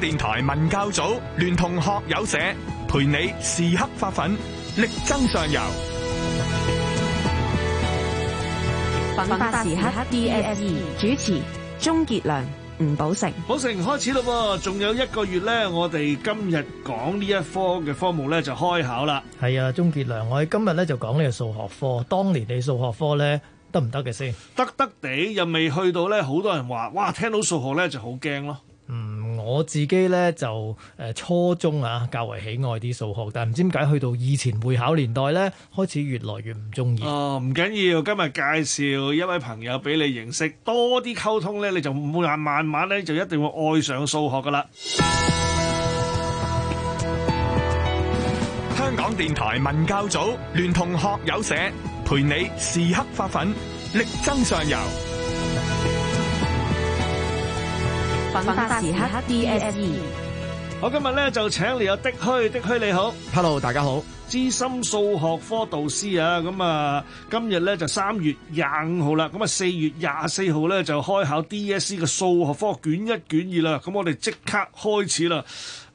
電台文教組聯同學友社陪你時刻發奮，力爭上游。奮發時刻 DSE 主持鍾杰良、吳寶成。寶成開始咯，仲有一個月咧，我哋今日講呢一科嘅科目咧就開考啦。係啊，鍾杰良，我哋今日咧就講呢個數學科。當年你數學科咧得唔得嘅先？得得地又未去到咧，好多人話哇，聽到數學咧就好驚咯。嗯。我自己咧就誒，初中啊較為喜愛啲數學，但係唔知點解去到以前會考年代咧，開始越來越唔中意。哦，唔緊要，今日介紹一位朋友俾你認識，多啲溝通咧，你就慢慢慢咧就一定會愛上數學噶啦。香港電台文教組聯同學友社，陪你時刻發奮，力爭上游。粉發時刻 DSE，我今日咧就請你有 Dick Hui。Dick Hui 你好。Hello，大家好，資深數學科導師啊，咁啊，今日咧就三月廿五號啦，咁啊四月廿四號咧就開考 DSE 嘅數學科卷一卷二啦，咁我哋即刻開始啦。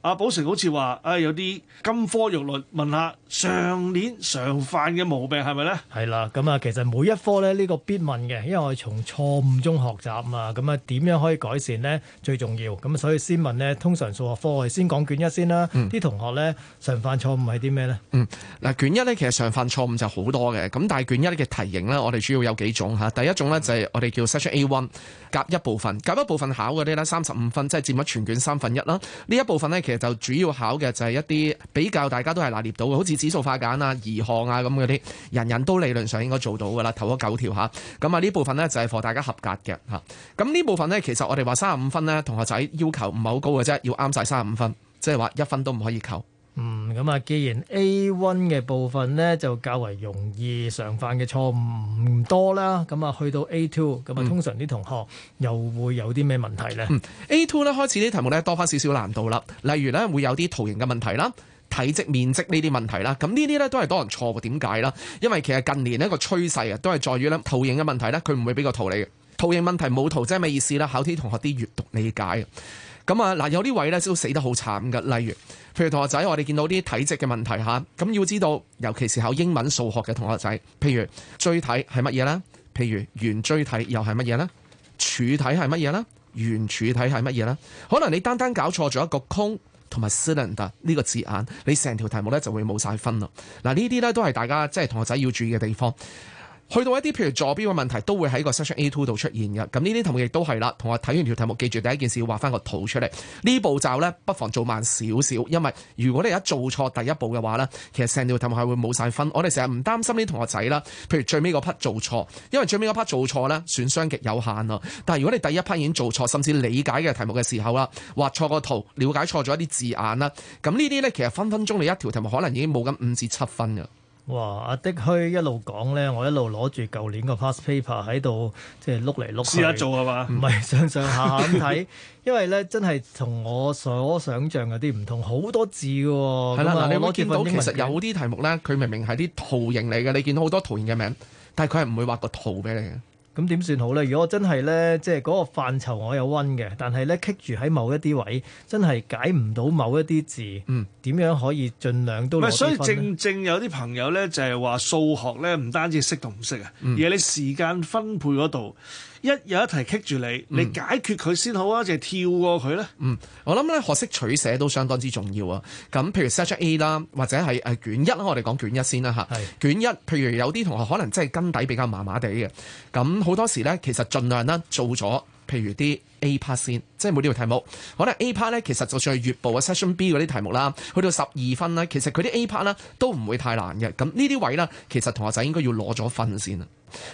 阿寶成好似話，唉，有啲金科玉律，問下。上年常犯嘅毛病係咪咧？係啦，咁啊，其實每一科咧呢個必問嘅，因為我哋從錯誤中學習啊，咁啊點樣可以改善呢？最重要。咁所以先問呢，通常數學科我哋先講卷一先啦。啲同學呢，常犯錯誤係啲咩呢？嗯，嗱卷一呢，其實常犯錯誤就好多嘅。咁但係卷一嘅題型呢，我哋主要有幾種吓。第一種呢，就係我哋叫 Section A one，甲一部分，甲一部分考嗰啲呢，三十五分，即係佔咗全卷三分一啦。呢一部分呢，其實就主要考嘅就係一啲比較大家都係拿捏到嘅，好似。指數化簡啊，移項啊，咁嗰啲，人人都理論上應該做到噶啦，頭嗰九條吓，咁啊呢、啊、部分呢就係課大家合格嘅吓。咁呢部分呢，其實我哋話三十五分呢，同學仔要求唔係好高嘅啫，要啱晒三十五分，即係話一分都唔可以扣。嗯，咁啊既然 A one 嘅部分呢，就較為容易，常犯嘅錯誤唔多啦，咁啊去到 A two，咁啊通常啲同學又會有啲咩問題呢、嗯、A two 咧開始啲題目呢，多翻少少難度啦，例如呢，會有啲圖形嘅問題啦。體積、面積呢啲問題啦，咁呢啲呢都係多人錯嘅，點解啦？因為其實近年一個趨勢啊，都係在於呢圖形嘅問題呢佢唔會俾個圖你嘅。圖形問題冇圖即係咩意思啦？考啲同學啲閱讀理解嘅，咁啊嗱，有啲位呢都死得好慘㗎，例如譬如同學仔，我哋見到啲體積嘅問題吓，咁要知道，尤其是考英文、數學嘅同學仔，譬如錐體係乜嘢啦？譬如圓錐體又係乜嘢啦？柱體係乜嘢啦？圓柱體係乜嘢啦？可能你單單搞錯咗一個空。同埋 cylinder 呢個字眼，你成條題目呢就會冇晒分啦。嗱，呢啲呢都係大家即係同學仔要注意嘅地方。去到一啲譬如坐標嘅問題，都會喺個 Section A two 度出現嘅。咁呢啲題目亦都係啦，同學睇完條題目，記住第一件事要畫翻個圖出嚟。呢步驟呢，不妨做慢少少，因為如果你一做錯第一步嘅話呢，其實成條題目係會冇晒分。我哋成日唔擔心啲同學仔啦，譬如最尾嗰批做錯，因為最尾嗰批做錯呢，損傷極有限啊。但係如果你第一批已經做錯，甚至理解嘅題目嘅時候啦，畫錯個圖，了解錯咗一啲字眼啦，咁呢啲呢，其實分分鐘你一條題目可能已經冇咗五至七分嘅。哇！阿 Dick 許一路講咧，我一路攞住舊年個 past paper 喺度，即係碌嚟碌去。試下做係嘛？唔係上上下下咁睇， 因為咧真係同我所想像有啲唔同，好多字嘅喎、哦。係啦的，你有冇見到其實有啲題目咧，佢明明係啲圖形嚟嘅，你見到好多圖形嘅名，但係佢係唔會畫個圖俾你嘅。咁點算好咧？如果真係咧，即係嗰個範疇我有溫嘅，但係咧棘住喺某一啲位，真係解唔到某一啲字，嗯、點樣可以盡量都？唔係，所以正正有啲朋友咧，就係話數學咧，唔單止識同唔識啊，嗯、而係你時間分配嗰度。一有一題棘住你，你解決佢先好啊，定係、嗯、跳過佢咧？嗯，我諗咧學識取捨都相當之重要啊。咁譬如 search A 啦，或者係誒卷一啦，我哋講卷一先啦嚇。卷一，譬如有啲同學可能真係根底比較麻麻地嘅，咁好多時咧，其實儘量啦做咗，譬如啲 A part 先，即係每呢個題目，可能 A part 咧，其實就算係月部啊，Session B 嗰啲題目啦，去到十二分咧，其實佢啲 A part 啦都唔會太難嘅，咁呢啲位啦，其實同學仔應該要攞咗分先啦。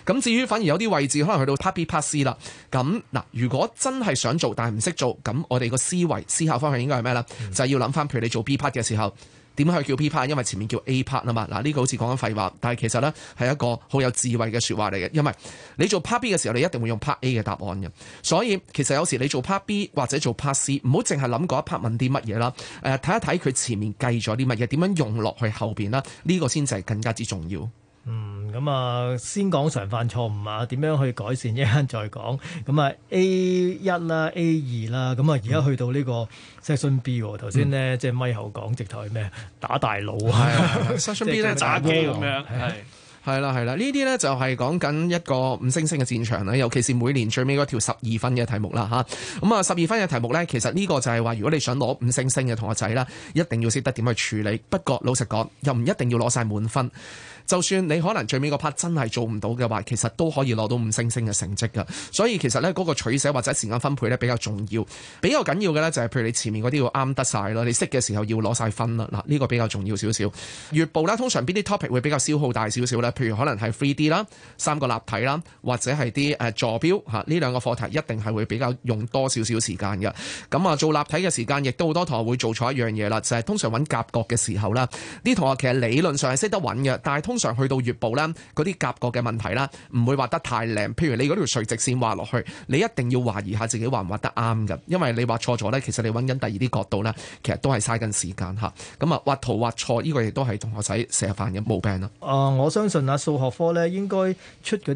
咁至於反而有啲位置可能去到 part B part C 啦，咁嗱，如果真係想做但係唔識做，咁我哋個思維思考方向應該係咩咧？嗯、就係要諗翻，譬如你做 B part 嘅時候。點去叫 P part？因為前面叫 A part 啊嘛。嗱呢個好似講緊廢話，但係其實呢係一個好有智慧嘅説話嚟嘅。因為你做 part B 嘅時候，你一定會用 part A 嘅答案嘅。所以其實有時你做 part B 或者做 part C 唔好淨係諗嗰一 part 問啲乜嘢啦。誒、呃，睇一睇佢前面計咗啲乜嘢，點樣用落去後邊啦？呢、這個先至係更加之重要。嗯。咁啊，先講常犯錯誤啊，點樣去改善一陣再講。咁啊，A 一啦，A 二啦，咁啊，而家去到呢個 section B 喎。頭先呢，嗯、即係咪後講，直頭係咩？打大佬啊，啊的，section B 咧打，打機咁樣。係，係啦，係啦。呢啲咧就係講緊一個五星星嘅戰場啦，尤其是每年最尾嗰條十二分嘅題目啦吓，咁啊，十二分嘅題目咧，其實呢個就係、是、話，如果你想攞五星星嘅同學仔啦，一定要識得點去處理。不過老實講，又唔一定要攞晒滿分。就算你可能最尾個 part 真係做唔到嘅話，其實都可以攞到五星星嘅成績㗎。所以其實咧嗰個取捨或者時間分配咧比較重要，比較緊要嘅咧就係，譬如你前面嗰啲要啱得晒啦，你識嘅時候要攞晒分啦。嗱、這、呢個比較重要少少。月報啦，通常邊啲 topic 會比較消耗大少少咧？譬如可能係 three D 啦、三個立體啦，或者係啲誒坐標吓呢兩個課題一定係會比較用多少少時間嘅。咁啊做立體嘅時間亦都好多同學會做錯一樣嘢啦，就係、是、通常揾夾角嘅時候啦，啲同學其實理論上係識得揾嘅，但係通通常去到月部咧，嗰啲甲角嘅問題啦，唔會畫得太靚。譬如你嗰條垂直線畫落去，你一定要懷疑下自己畫唔畫得啱嘅，因為你畫錯咗咧，其實你揾緊第二啲角度咧，其實都係嘥緊時間吓。咁啊，畫圖畫錯呢個亦都係同學仔成日犯嘅毛病咯。啊、呃，我相信啊，數學科咧應該出嗰啲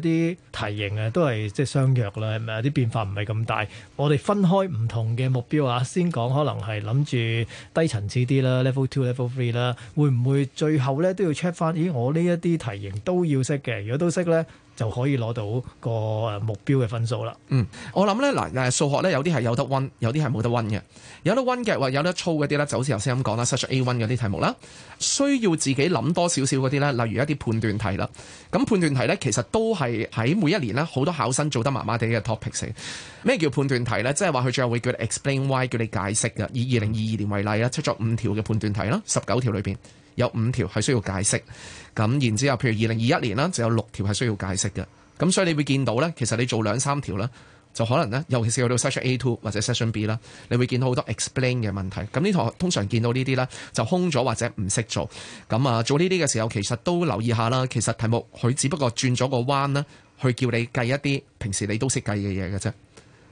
題型啊，都係即係相約啦，係咪啲變化唔係咁大。我哋分開唔同嘅目標啊，先講可能係諗住低層次啲啦，level two、level three 啦，會唔會最後咧都要 check 翻？咦，我呢？一啲題型都要識嘅，如果都識呢，就可以攞到個目標嘅分數啦。嗯，我諗呢，嗱，誒，數學咧有啲係有得溫，有啲係冇得溫嘅。有得溫嘅話，或者有得粗嗰啲呢，就好似頭先咁講啦，such as A1 嗰啲題目啦，需要自己諗多少少嗰啲咧，例如一啲判斷題啦。咁判斷題呢，其實都係喺每一年呢，好多考生做得麻麻地嘅 topics。咩叫判斷題呢？即係話佢最後會叫 explain why，叫你解釋嘅。以二零二二年為例啦，出咗五條嘅判斷題啦，十九條裏邊。有五條係需要解釋，咁然之後譬如二零二一年啦，就有六條係需要解釋嘅，咁所以你會見到呢，其實你做兩三條啦，就可能呢，尤其是去到 Session A two 或者 Session B 啦，你會見到好多 explain 嘅問題。咁呢堂通常見到呢啲呢，就空咗或者唔識做。咁啊，做呢啲嘅時候，其實都留意下啦。其實題目佢只不過轉咗個彎啦，去叫你計一啲平時你都識計嘅嘢嘅啫。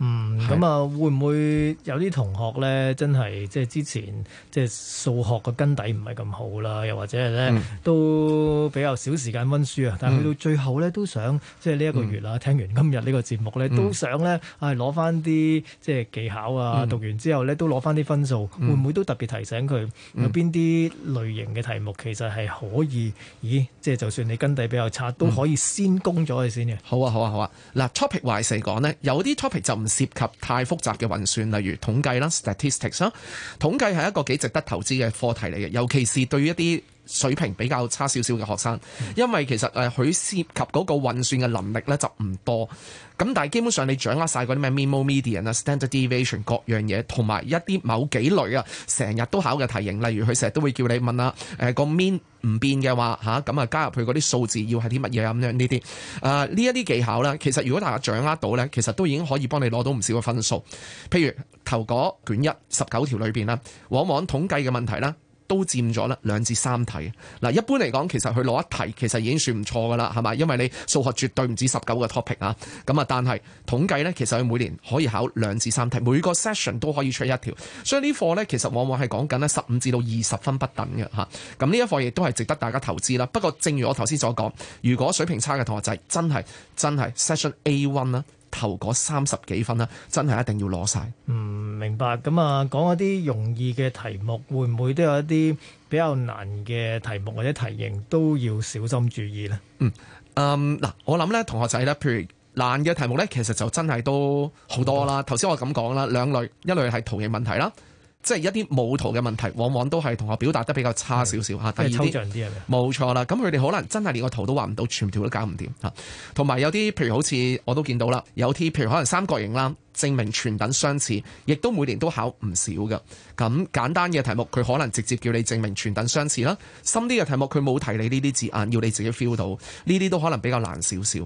嗯，咁啊的，嗯、會唔會有啲同學咧，真係即係之前即係數學個根底唔係咁好啦，又或者係咧、嗯、都比較少時間溫書啊。但係去到最後咧，都想即係呢一個月啦，嗯、聽完今日呢個節目咧，都想咧啊攞翻啲即係技巧啊，嗯、讀完之後咧都攞翻啲分數，嗯、會唔會都特別提醒佢，嗯、有邊啲類型嘅題目其實係可以？咦，即係就算你根底比較差，都可以先攻咗佢先嘅。好啊，好啊，好啊。嗱，topic 壞死講咧，有啲 topic 就唔～涉及太複雜嘅運算，例如統計啦、statistics 啦，統計係一個幾值得投資嘅課題嚟嘅，尤其是對於一啲水平比較差少少嘅學生，因為其實誒佢、呃、涉及嗰個運算嘅能力咧就唔多，咁但係基本上你掌握晒嗰啲咩 mean、median 啊、standard deviation 各樣嘢，同埋一啲某幾類啊，成日都考嘅題型，例如佢成日都會叫你問、呃、啊誒個 mean 唔變嘅話嚇，咁啊加入佢嗰啲數字要係啲乜嘢咁樣呢啲啊呢一啲技巧咧，其實如果大家掌握到咧，其實都已經可以幫你攞到唔少嘅分數。譬如頭嗰卷一十九條裏邊啦，往往統計嘅問題啦。都佔咗啦，兩至三題。嗱，一般嚟講，其實佢攞一題其實已經算唔錯噶啦，係咪？因為你數學絕對唔止十九個 topic 啊，咁啊，但係統計呢，其實佢每年可以考兩至三題，每個 session 都可以出一條。所以呢課呢，其實往往係講緊呢十五至到二十分不等嘅嚇。咁呢一課亦都係值得大家投資啦。不過正如我頭先所講，如果水平差嘅同學仔、就係、真係真係 session A one 啦，頭嗰三十幾分啦，真係一定要攞晒。嗯明白咁啊，講一啲容易嘅題目，會唔會都有一啲比較難嘅題目或者題型都要小心注意呢？嗯，嗱，呃，我諗咧，同學仔咧，譬如難嘅題目咧，其實就真係都好多啦。頭先，嗯，我咁講啦，兩類，一類係圖形問題啦，即係一啲冇圖嘅問題，往往都係同學表達得比較差少少嚇。第二啲，即係抽象啲係咩？冇錯啦。咁佢哋可能真係連個圖都畫唔到，全條都搞唔掂嚇。同埋有啲譬如好似我都見到啦，有啲譬如可能三角形啦。證明全等相似，亦都每年都考唔少㗎。咁簡單嘅題目，佢可能直接叫你證明全等相似啦。深啲嘅題目，佢冇提你呢啲字眼，要你自己 feel 到。呢啲都可能比較難少少。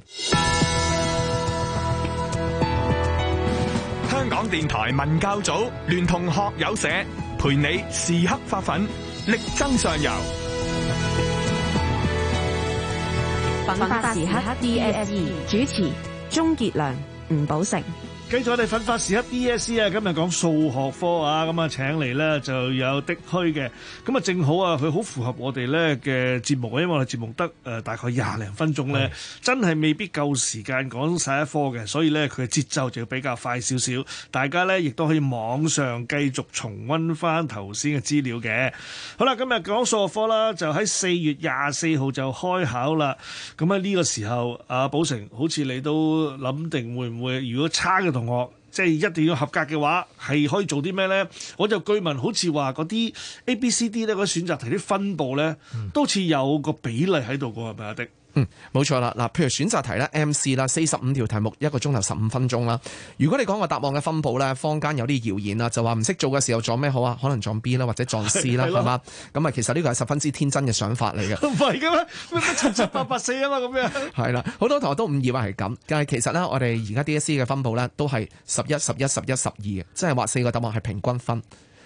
香港電台文教組聯同學友社陪你時刻發奮，力爭上游。文化時刻 DSE 主持：鍾傑良、吳寶成。繼續我哋奮發時刻 D.S.C 啊，今日講數學科啊，咁啊請嚟咧，就有 Dick Hui 嘅，咁啊正好啊，佢好符合我哋咧嘅節目，因為我哋節目得誒大概廿零分鐘咧，嗯、真係未必夠時間講晒一科嘅，所以咧佢嘅節奏就要比較快少少，大家咧亦都可以網上繼續重溫翻頭先嘅資料嘅。好啦，今日講數學科啦，就喺四月廿四號就開考啦。咁啊呢個時候，阿寶成好似你都諗定會唔會，如果差嘅同同學，即係一定要合格嘅話，係可以做啲咩咧？我就據聞，好似話嗰啲 A、B、C、D 咧，嗰啲選擇題，啲分佈咧，都似有個比例喺度嘅，係咪啊？Dick。是嗯，冇錯啦，嗱，譬如選擇題咧，MC 啦，四十五條題目一個鐘頭十五分鐘啦。如果你講個答案嘅分布咧，坊間有啲謠言啦，就話唔識做嘅時候撞咩好啊？可能撞 B 啦，或者撞 C 啦，係嘛？咁啊，其實呢個係十分之天真嘅想法嚟嘅。 都唔係嘅咩？七七八八四啊嘛，咁樣。係啦，好多同學都誤以為係咁，但係其實咧，我哋而家 DSE 嘅分布咧，都係十一、十一、十一、十二嘅，即係話四個答案係平均分。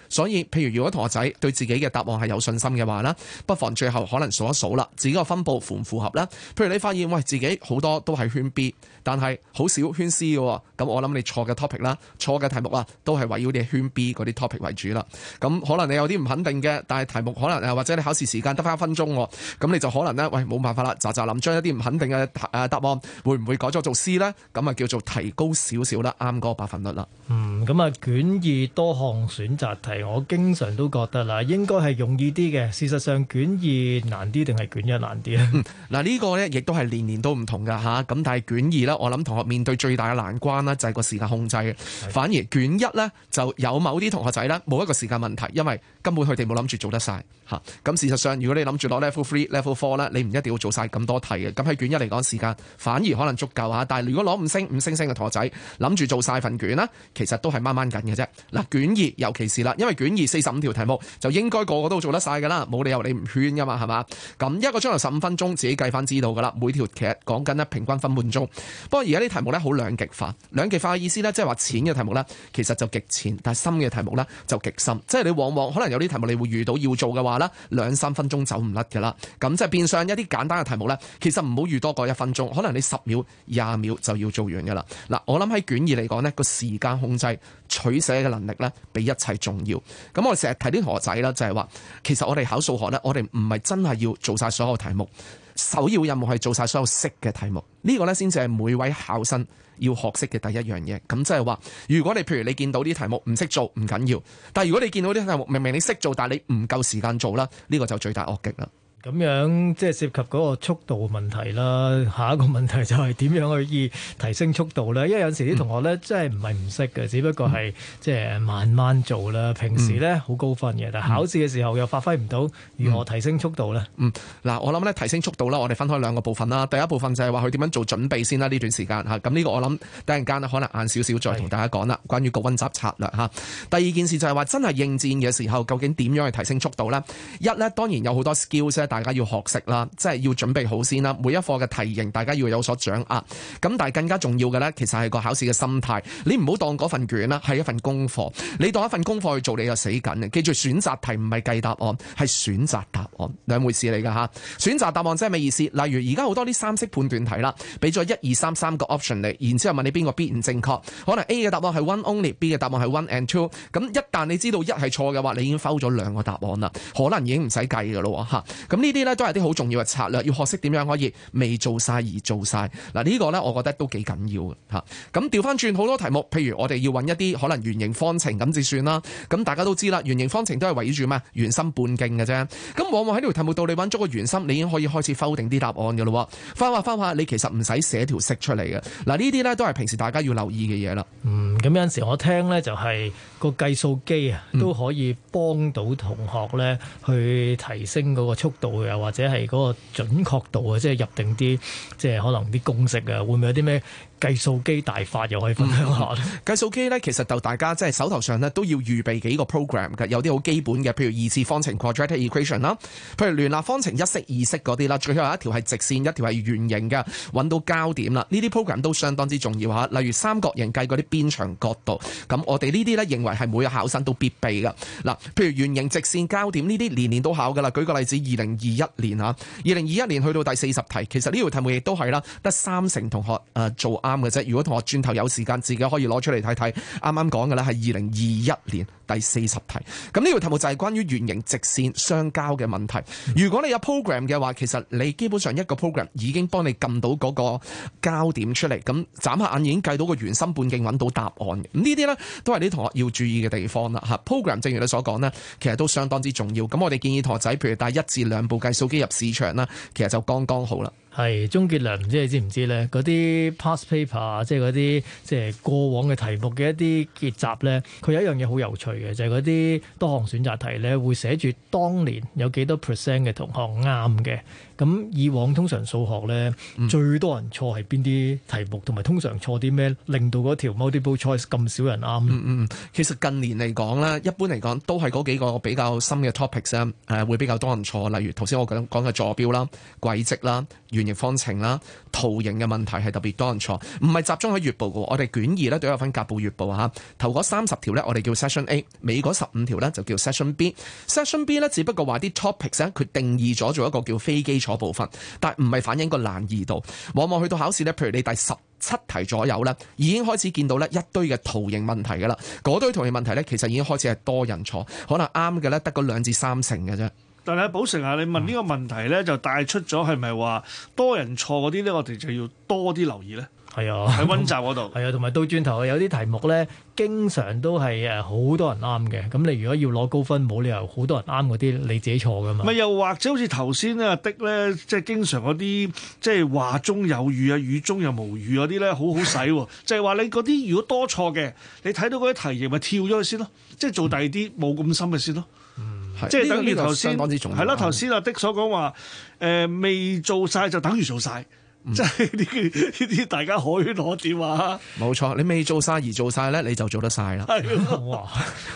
所以，譬如如果同學仔對自己嘅答案係有信心嘅話啦，不妨最後可能數一數啦，自己個分佈符唔符合啦。譬如你發現喂，自己好多都係圈 B，但係好少圈 C 嘅，咁、嗯、我諗你錯嘅 topic 啦，錯嘅題目啊，都係圍繞你圈 B 嗰啲 topic 為主啦。咁、嗯、可能你有啲唔肯定嘅，但係題目可能啊或者你考試時間得翻一分鐘，咁、嗯、你就可能呢，喂冇辦法啦，就就諗將一啲唔肯定嘅答案會唔會改咗做，做 C 呢？咁、嗯、啊叫做提高少少啦，啱嗰個百分率啦。嗯，咁啊卷二多項選擇題。我經常都覺得啦，應該係容易啲嘅。事實上，卷二難啲定係卷一難啲啊？嗱、嗯，呢、這個呢亦都係年年都唔同㗎吓。咁、啊、但係卷二呢，我諗同學面對最大嘅難關咧就係個時間控制。的反而卷一呢，就有某啲同學仔呢，冇一個時間問題，因為根本佢哋冇諗住做得晒。嚇、啊。咁事實上，如果你諗住攞 level three、level four 咧，你唔一定要做晒咁多題嘅。咁喺卷一嚟講，時間反而可能足夠嚇、啊。但係如果攞五星、五星星嘅同學仔諗住做晒份卷啦，其實都係掹掹緊嘅啫。嗱、啊，卷二尤其是啦，因為卷二四十五條題目，就應該個個都做得晒噶啦，冇理由你唔圈噶嘛，係嘛？咁一個鐘頭十五分鐘，自己計翻知道噶啦。每條其實講緊呢，平均分半鐘。不過而家啲題目呢，好兩極化。兩極化嘅意思呢，即係話淺嘅題目呢，其實就極淺；但係深嘅題目呢，就極深。即係你往往可能有啲題目你會遇到要做嘅話呢，兩三分鐘走唔甩噶啦。咁即係變相一啲簡單嘅題目呢，其實唔好遇多過一,一分鐘。可能你十秒、廿秒就要做完噶啦。嗱，我諗喺卷二嚟講呢，個時間控制、取捨嘅能力呢，比一切重要。咁我成日睇啲同學仔啦，就係話，其實我哋考數學咧，我哋唔係真係要做晒所有題目，首要任務係做晒所有識嘅題目。呢個咧，先至係每位考生要學識嘅第一樣嘢。咁即係話，如果你譬如你見到啲題目唔識做，唔緊要。但係如果你見到啲題目明明你識做，但係你唔夠時間做啦，呢個就罪大惡極啦。咁樣即係涉及嗰個速度問題啦。下一個問題就係點樣去以提升速度呢？因為有時啲同學呢，真係唔係唔識嘅，只不過係即係慢慢做啦。平時呢，好高分嘅，但考試嘅時候又發揮唔到。如何提升速度呢、嗯？嗯，嗱、嗯，我諗呢，提升速度啦，我哋分開兩個部分啦。第一部分就係話佢點樣做準備先啦，呢段時間嚇。咁呢個我諗等陣間可能晏少少再同大家講啦。是關於個溫習策略啦嚇。第二件事就係話真係應戰嘅時候，究竟點樣去提升速度呢？一呢，當然有好多 skills 啊。大家要學識啦，即係要準備好先啦。每一課嘅題型，大家要有所掌握。咁但係更加重要嘅，呢，其實係個考試嘅心態。你唔好當嗰份卷啦，係一份功課。你當一份功課去做，你就死緊。記住選擇題唔係計答案，係選擇答案，兩回事嚟噶吓。選擇答案即係咩意思？例如而家好多啲三式判斷題啦，俾咗一二三三個 option 你，然之後問你邊個 B 唔正確。可能 A 嘅答案係 one only，B 嘅答案係 one and two。咁一旦你知道一係錯嘅話，你已經否咗兩個答案啦，可能已經唔使計噶咯吓咁呢啲呢都係啲好重要嘅策略，要學識點樣可以未做曬而做晒嗱，呢個呢我覺得都幾緊要嘅吓。咁調翻轉好多題目，譬如我哋要揾一啲可能圓形方程咁計算啦，咁大家都知啦，圓形方程都係圍住咩圓心半徑嘅啫。咁往往喺呢條題目度，你揾咗個圓心，你已經可以開始否定啲答案噶啦。翻話翻話，你其實唔使寫條式出嚟嘅。嗱，呢啲呢都係平時大家要留意嘅嘢啦。嗯咁有陣時我聽咧就係個計數機啊都可以幫到同學咧去提升嗰個速度，又或者係嗰個準確度啊，即係入定啲，即係可能啲公式啊，會唔會有啲咩？計數機大法又可以分享下咧、嗯。計數機咧，其實就大家即係手頭上咧都要預備幾個 program 嘅，有啲好基本嘅，譬如二次方程 quadratic equation 啦，譬如聯立方程一式二式嗰啲啦，最後有一條係直線，一條係圓形嘅，揾到交點啦。呢啲 program 都相當之重要嚇。例如三角形計嗰啲邊長角度，咁我哋呢啲呢，認為係每個考生都必備嘅嗱。譬如圓形、直線、交點呢啲年年都考嘅啦。舉個例子，二零二一年嚇，二零二一年去到第四十題，其實呢條題目亦都係啦，得三成同學誒、呃、做。啱嘅啫。如果同學轉頭有時間，自己可以攞出嚟睇睇。啱啱講嘅咧係二零二一年第四十題。咁呢條題目就係關於圓形、直線相交嘅問題。如果你有 program 嘅話，其實你基本上一個 program 已經幫你撳到嗰個交點出嚟。咁眨下眼已經計到個圓心半徑，揾到答案嘅。呢啲呢，都係啲同學要注意嘅地方啦。嚇，program 正如你所講呢，其實都相當之重要。咁我哋建議同學仔，譬如帶一至兩部計數機入市場啦，其實就剛剛好啦。係，鍾傑良唔知你知唔知咧？嗰啲 past paper 即係嗰啲即係過往嘅題目嘅一啲結集咧，佢有一樣嘢好有趣嘅，就係嗰啲多項選擇題咧，會寫住當年有幾多 percent 嘅同學啱嘅。咁以往通常數學呢，嗯、最多人錯係邊啲題目，同埋通常錯啲咩令到嗰條 multiple choice 咁少人啱？嗯？嗯嗯其實近年嚟講咧，一般嚟講都係嗰幾個比較深嘅 topics 啊、呃，會比較多人錯。例如頭先我講講嘅坐標啦、軌跡啦、圓形方程啦、圖形嘅問題係特別多人錯，唔係集中喺乙部㗎。我哋卷二咧都有分甲部乙部嚇、啊。頭嗰三十條呢，我哋叫 session A；尾嗰十五條呢，就叫 session B。session B 呢，只不過話啲 topics 咧佢定義咗做一個叫飛機。部分，但係唔係反映個難易度。往往去到考試呢，譬如你第十七題左右呢，已經開始見到呢一堆嘅圖形問題噶啦。嗰堆圖形問題呢，其實已經開始係多人錯，可能啱嘅呢，得個兩至三成嘅啫。但係阿成啊，你問呢個問題呢，嗯、就帶出咗係咪話多人錯嗰啲呢，我哋就要多啲留意呢。係啊，喺溫習嗰度係啊，同埋到轉頭有啲題目咧，經常都係誒好多人啱嘅。咁你如果要攞高分，冇理由好多人啱嗰啲你自己錯噶嘛。咪又或者好似頭先阿 Dick 咧，即係經常嗰啲即係話中有語啊，語中有無語嗰啲咧，好好使。 就係話你嗰啲如果多錯嘅，你睇到嗰啲題型咪跳咗去先咯，即係做第二啲冇咁深嘅先咯。嗯，嗯即係等於頭先係咯，頭先阿 Dick 所講話誒未做晒就等於做晒。即係呢啲，呢啲大家可以攞電話。冇錯，你未做晒而做晒咧，你就做得晒啦。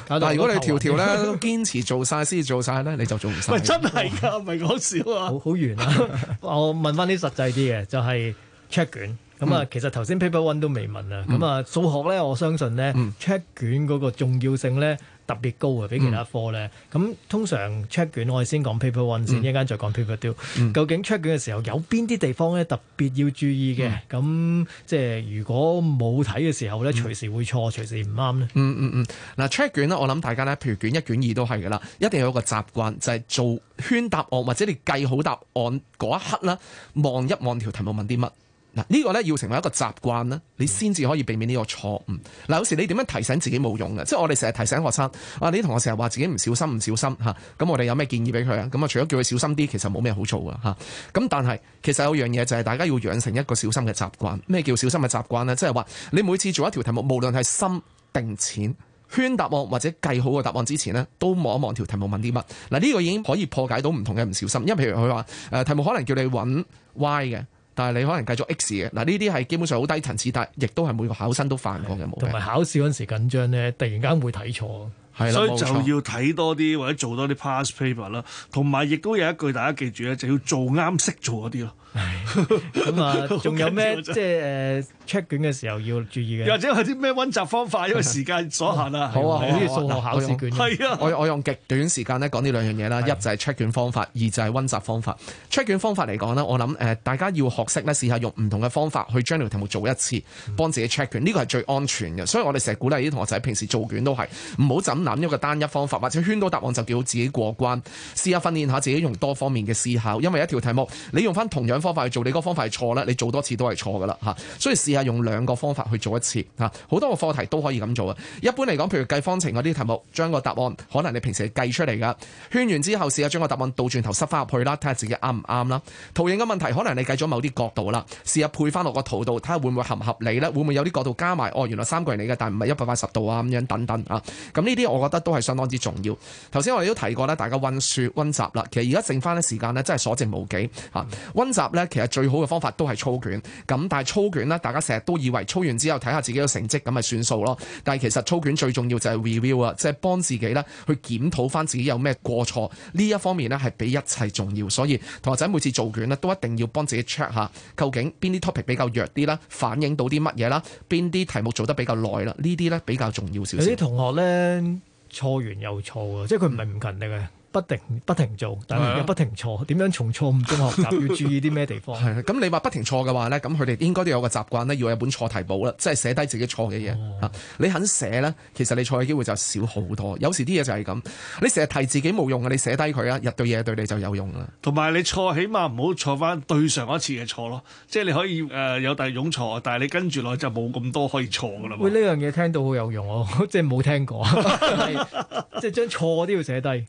但係如果你條條咧都堅持做晒先至做晒咧，你就做唔晒。真係㗎，唔係講笑啊！好好遠啊！我問翻啲實際啲嘅，就係 check 卷咁啊。其實頭先 paper one 都未問啊。咁啊，數學咧，我相信咧 check 卷嗰個重要性咧，特別高嘅比其他科咧，咁、嗯、通常 check 卷我哋先講 paper one、嗯、先，一陣間再講 paper two。嗯、究竟 check 卷嘅時候有邊啲地方咧特別要注意嘅？咁、嗯、即係如果冇睇嘅時候咧，隨時會錯，嗯、隨時唔啱咧。嗯嗯嗯，嗱、啊、check 卷咧，我諗大家咧，譬如卷一卷二都係噶啦，一定有一個習慣就係、係、做圈答案，或者你計好答案嗰一刻啦，望一望條題目問啲乜。嗱呢個咧要成為一個習慣啦，你先至可以避免呢個錯誤。嗱、啊、有時你點樣提醒自己冇用嘅，即係我哋成日提醒學生，啊、你我哋啲同學成日話自己唔小心，唔小心嚇。咁、啊、我哋有咩建議俾佢啊？咁啊，除咗叫佢小心啲，其實冇咩好做㗎嚇。咁、啊啊、但係其實有樣嘢就係大家要養成一個小心嘅習慣。咩叫小心嘅習慣咧？即係話你每次做一條題目，無論係深、定淺圈答案或者計好個答案之前咧，都望一望條題目問啲乜。嗱、啊、呢、這個已經可以破解到唔同嘅唔小心。因為譬如佢話誒題目可能叫你揾 Y 嘅。但你可能繼續 X 嘅。嗱，呢啲係基本上好低層次，但係亦都係每個考生都犯過嘅毛病。同埋考試嗰陣時緊張咧，突然間會睇錯。所以就要睇多啲或者做多啲 past paper 啦，同埋亦都有一句大家記住咧，就要做啱識做嗰啲咯。咁啊，仲有咩即係 check 卷嘅時候要注意嘅？或者係啲咩溫習方法？因為時間所限啊。好啊，好似數學考試卷。係啊，我我用極短時間咧講呢兩樣嘢啦。一就係 check 卷方法，二就係溫習方法。check 卷方法嚟講咧，我諗誒大家要學識咧，試下用唔同嘅方法去將啲題目做一次，幫自己 check 卷。呢個係最安全嘅，所以我哋成日鼓勵啲同學仔平時做卷都係。唔好諗一個單一方法，或者圈到答案就叫自己過關。試下訓練下自己用多方面嘅思考，因為一條題目你用翻同樣方法去做，你嗰個方法係錯啦，你做多次都係錯噶啦吓。所以試下用兩個方法去做一次吓，啊，好多個課題都可以咁做啊。一般嚟講，譬如計方程嗰啲題目，將個答案可能你平時係計出嚟噶，圈完之後試下將個答案倒轉頭塞翻入去啦，睇下自己啱唔啱啦。圖形嘅問題，可能你計咗某啲角度啦，試下配翻落個圖度，睇下會唔會合唔合理咧？會唔會有啲角度加埋？哦，原來三個人嚟嘅，但係唔係一百八十度啊，咁樣等等啊。咁呢啲。我覺得都係相當之重要。頭先我哋都提過咧，大家温書温習啦。其實而家剩翻啲時間咧，真係所剩無幾嚇。温習咧，其實最好嘅方法都係操卷。咁但係操卷呢，大家成日都以為操完之後睇下自己嘅成績咁咪算數咯。但係其實操卷最重要就係 review 啊，即係幫自己咧去檢討翻自己有咩過錯。呢一方面咧係比一切重要。所以同學仔每次做卷呢，都一定要幫自己 check 下，究竟邊啲 topic 比較弱啲啦，反映到啲乜嘢啦，邊啲題目做得比較耐啦，呢啲咧比較重要少少。有啲同學咧。錯完又錯啊！即係佢唔係唔勤力啊。不停不停做，但係又不停錯。點樣從錯誤中學習？要注意啲咩地方？係咁你話不停錯嘅話咧，咁佢哋應該都有個習慣咧，要有本錯題簿啦，即係寫低自己錯嘅嘢，哦、你肯寫咧，其實你錯嘅機會就少好多。有時啲嘢就係咁，你成日提自己冇用啊，你寫低佢啊，入到嘢對你就有用啦。同埋你錯，起碼唔好錯翻對上一次嘅錯咯。即係你可以誒、呃、有第二種錯，但係你跟住落去就冇咁多可以錯噶啦。喂，呢樣嘢聽到好有用哦、啊， 即係冇聽過， 即係將錯都要寫低。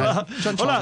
好啦了，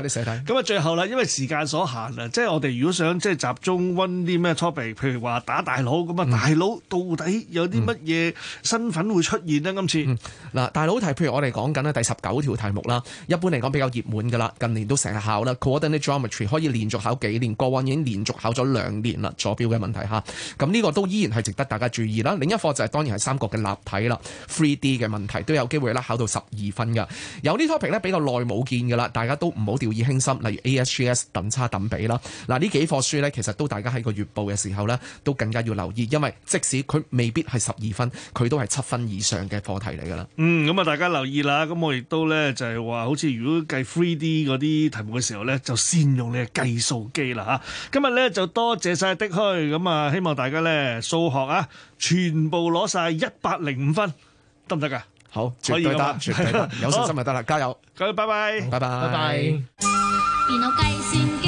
咁啊，最後啦，因為時間所限啊，即係我哋如果想即係集中溫啲咩 topic，譬如話打大佬咁啊，大佬到底有啲乜嘢身份會出現呢？今次嗱，大佬題，譬如我哋講緊咧第十九條題目啦，一般嚟講比較熱門噶啦，近年都成日考啦。Coordinate Geometry 可以連續考幾年，過往已經連續考咗兩年啦，坐標嘅問題嚇。咁呢個都依然係值得大家注意啦。另一課就係、是、當然係三角嘅立體啦，three D 嘅問題都有機會咧考到十二分噶。有啲 topic 咧比較耐冇見噶啦。大家都唔好掉以輕心，例如 ASGS 等差等比啦。嗱，呢幾課書呢，其實都大家喺個月報嘅時候呢，都更加要留意，因為即使佢未必係十二分，佢都係七分以上嘅課題嚟噶啦。嗯，咁啊，大家留意啦。咁我亦都呢，就係話，好似如果計 three D 嗰啲題目嘅時候呢，就先用你嘅計數機啦吓。今日呢，就多謝晒 Dick Hui，咁啊，希望大家呢，數學啊，全部攞晒一百零五分，得唔得噶？好，絕對得，絕對得， 有信心就得啦，加油！好，拜拜，拜拜，拜拜 bye。Bye bye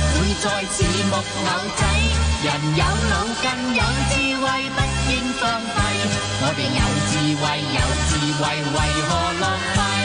再似木偶仔，人有腦更有智慧，不應放低，我哋有智慧，有智慧，為何浪費？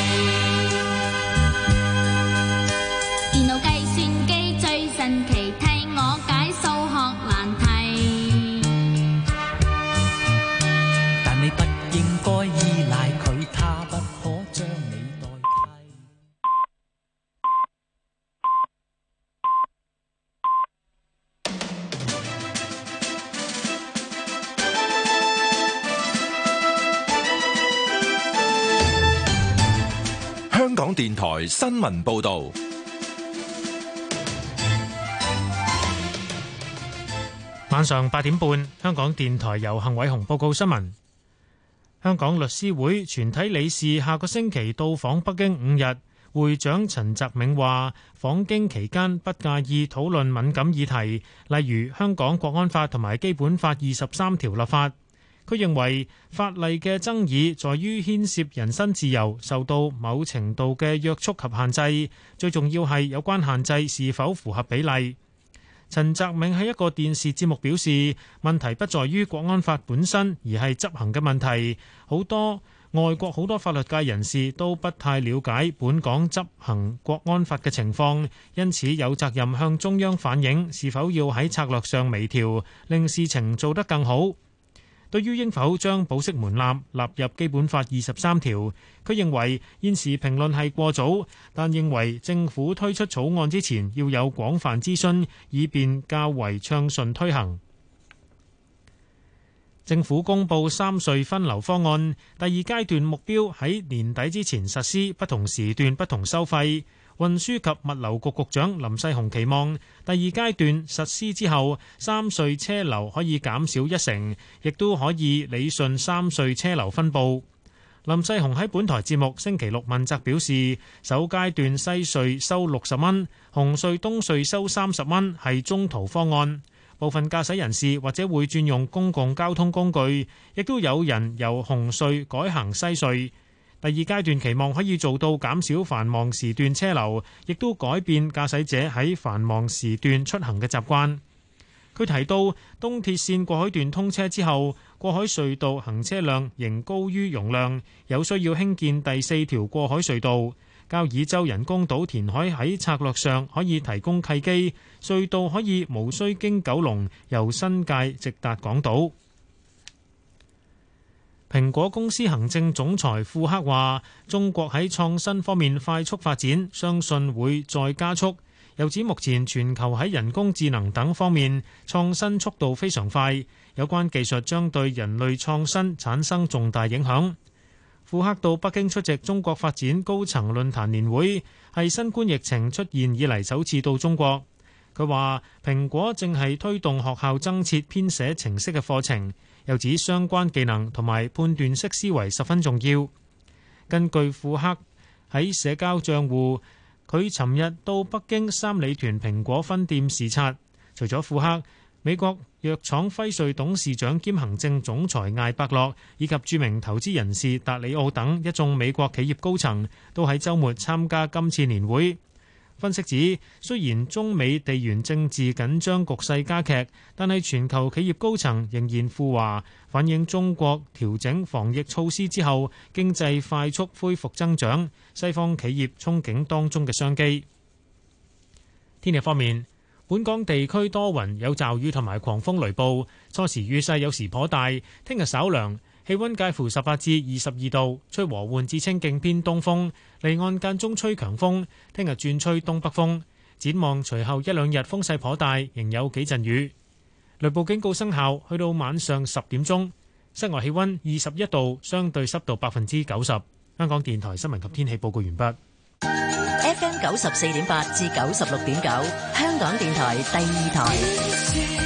新聞報道。晚上八點半，香港電台由幸偉雄報告新聞。香港律師會全體理事下個星期到訪北京五日，會長陳澤銘話：訪京期間不介意討論敏感議題，例如香港國安法同埋基本法二十三條立法。佢認為法例嘅爭議在於牽涉人身自由受到某程度嘅約束及限制，最重要係有關限制是否符合比例。陳澤明喺一個電視節目表示，問題不在於國安法本身，而係執行嘅問題。好多外國好多法律界人士都不太了解本港執行國安法嘅情況，因此有責任向中央反映是否要喺策略上微調，令事情做得更好。對於應否將保釋門檻納入基本法二十三條，佢認為現時評論係過早，但認為政府推出草案之前要有廣泛諮詢，以便較為暢順推行。政府公布三隧分流方案，第二階段目標喺年底之前實施不同時段不同收費。運輸及物流局局長林世雄期望第二階段實施之後，三隧車流可以減少一成，亦都可以理順三隧車流分佈。林世雄喺本台節目星期六問責表示，首階段西隧收六十蚊，紅隧東隧收三十蚊係中途方案。部分駕駛人士或者會轉用公共交通工具，亦都有人由紅隧改行西隧。第二階段期望可以做到減少繁忙時段車流，亦都改變駕駛者喺繁忙時段出行嘅習慣。佢提到，東鐵線過海段通車之後，過海隧道行車量仍高於容量，有需要興建第四條過海隧道。交椅洲人工島填海喺策略上可以提供契機，隧道可以無需經九龍，由新界直達港島。蘋果公司行政總裁庫克話，中國喺創新方面快速發展，相信會再加速。又指目前全球喺人工智能等方面創新速度非常快，有關技術將對人類創新產生重大影響。庫克到北京出席中國發展高層論壇年會，係新冠疫情出現以嚟首次到中國。佢話：蘋果正係推動學校增設編寫程式嘅課程，又指相關技能同埋判斷式思維十分重要。根據庫克喺社交帳戶，佢尋日到北京三里屯蘋果分店視察。除咗庫克，美國藥廠輝瑞董事長兼行政總裁艾伯樂以及著名投資人士達里奧等一眾美國企業高層都喺週末參加今次年會。分析指，雖然中美地緣政治緊張局勢加劇，但係全球企業高層仍然富華，反映中國調整防疫措施之後，經濟快速恢復增長，西方企業憧憬當中嘅商機。天氣方面，本港地區多雲，有驟雨同埋狂風雷暴，初時雨勢有時頗大，聽日稍涼。氣溫介乎十八至二十二度，吹和緩至清勁偏東風，離岸間中吹強風。聽日轉吹東北風，展望隨後一兩日風勢頗大，仍有幾陣雨。雷暴警告生效，去到晚上十點鐘，室外氣溫二十一度，相對濕度百分之九十。香港電台新聞及天氣報告完畢。FM 九十四點八至九十六點九，香港電台第二台。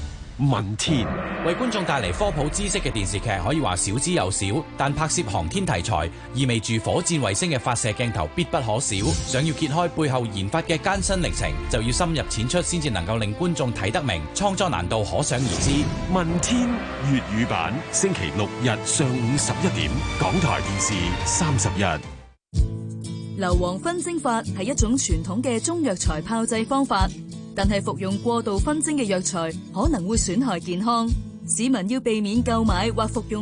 文天為觀眾帶嚟科普知識嘅電視劇，可以話少之又少。但拍攝航天題材，意味住火箭衛星嘅發射鏡頭必不可少。想要揭開背後研發嘅艱辛歷程，就要深入淺出，先至能夠令觀眾睇得明。創作難度可想而知。文天粵語版星期六日上午十一點，港台電視三十日。硫磺熏蒸法係一種傳統嘅中藥材炮製方法。但係服用過度熏蒸嘅藥材可能會損害健康，市民要避免購買或服用。